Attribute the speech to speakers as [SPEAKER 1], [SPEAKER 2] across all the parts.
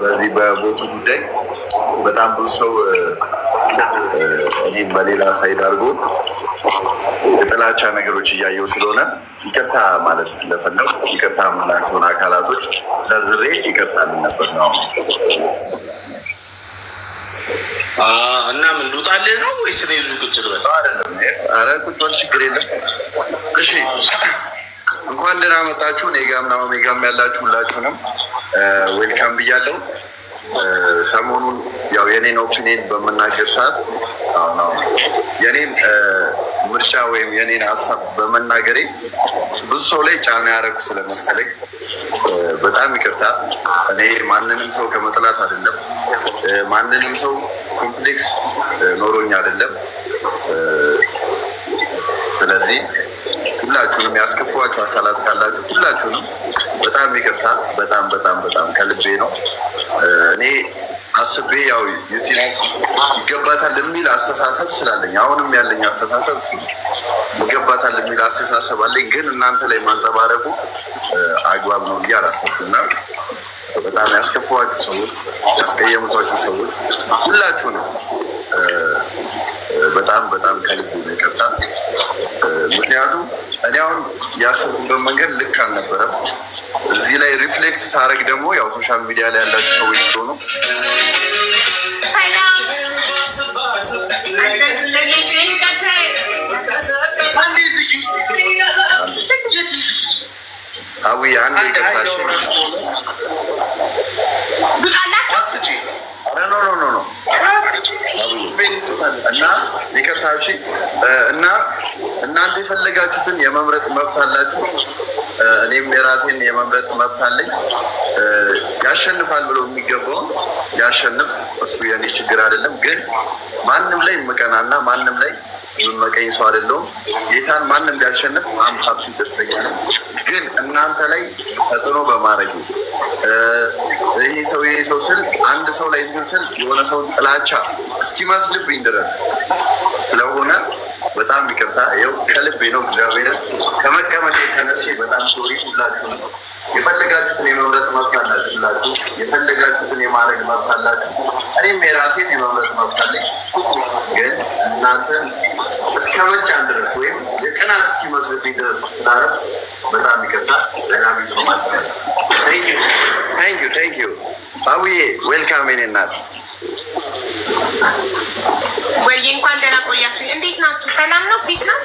[SPEAKER 1] በዚህ በቦቱ ጉዳይ በጣም ብዙ ሰው እኔም በሌላ ሳይድ አድርጎ የጥላቻ ነገሮች እያየው ስለሆነ ይቅርታ ማለት ስለፈለው ይቅርታ ምላቸውን አካላቶች ዘርዝሬ ይቅርታ ልነበር ነው።
[SPEAKER 2] እና ምን ልውጣልህ ነው ወይስ ሬዙ ቁጭ
[SPEAKER 1] ልበል? ኧረ ቁጭ በል ችግር የለም። እሺ እንኳን ደህና መጣችሁ። ኔጋም ጋም ና ሜጋም ያላችሁ ሁላችሁንም ዌልካም ብያለው። ሰሞኑን ያው የኔን ኦፒኒየን በምናገር ሰዓት የኔን ምርጫ ወይም የኔን ሀሳብ በመናገሬ ብዙ ሰው ላይ ጫና ያደረጉ ስለመሰለኝ በጣም ይቅርታ። እኔ ማንንም ሰው ከመጥላት አይደለም፣ ማንንም ሰው ኮምፕሌክስ ኖሮኝ አይደለም። ስለዚህ ሁላችሁንም ያስከፋችሁ አካላት ካላችሁ ሁላችሁንም በጣም ይቅርታ። በጣም በጣም በጣም ከልቤ ነው። እኔ አስቤ ያው ዩቲብ ይገባታል የሚል አስተሳሰብ ስላለኝ አሁንም ያለኝ አስተሳሰብ እሱ ይገባታል የሚል አስተሳሰብ አለኝ፣ ግን እናንተ ላይ ማንጸባረቁ አግባብ ነው ብዬ አላሰብኩና በጣም ያስከፋችሁ ሰዎች፣ ያስቀየምቷችሁ ሰዎች ሁላችሁ ነው በጣም በጣም ከልቤ ነው ይቅርታ። ምክንያቱም እኔ አሁን ያሰብኩበት መንገድ ልክ አልነበረም። እዚህ ላይ ሪፍሌክት ሳደርግ ደግሞ ያው ሶሻል ሚዲያ ላይ ያላቸው ሰዎች ስለሆኑ አዊ አንድ ይቀታሽ እና ይቀታሽ እና እናንተ የፈለጋችሁትን የመምረጥ መብት አላችሁ። እኔም የራሴን የመምረጥ መብት አለኝ። ያሸንፋል ብሎ የሚገባውን ያሸንፍ። እሱ የኔ ችግር አይደለም። ግን ማንም ላይ የምቀናና ማንም ላይ የምመቀኝ ሰው አይደለሁም። ጌታን ማንም ቢያሸንፍ አምሀብ ደስተኛ ግን እናንተ ላይ ተጽዕኖ በማድረግ ይሄ ሰው ይሄ ሰው ስል አንድ ሰው ላይ እንትን ስል የሆነ ሰውን ጥላቻ እስኪመስልብኝ ድረስ ስለሆነ በጣም ይቅርታ ው ከልቤ ነው። እግዚአብሔር ከመቀመጥ የተነሳ በጣም ሶሪ። ሁላችሁ ነው የፈለጋችሁትን የመምረጥ መብት አላችሁ። ሁላችሁ የፈለጋችሁትን የማድረግ መብት አላችሁ። እኔም የራሴን የመምረጥ መብት አለኝ። ግን እናንተን እስከ መጫን ድረስ ወይም የቅናት እስኪመስልብኝ ድረስ ስላረብ በጣም ይቅርታ። ለናቢ ሶማስ ታንክ ዩ ዩ አቡዬ ዌልካም ኔ እናት ናችሁ? ሰላም ነው? ፒስ ነው?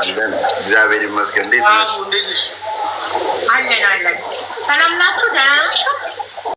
[SPEAKER 1] አለን እግዚአብሔር ይመስገን። እንዴት ነሽ? አለን አለን። ሰላም ናችሁ? ደህና ናችሁ?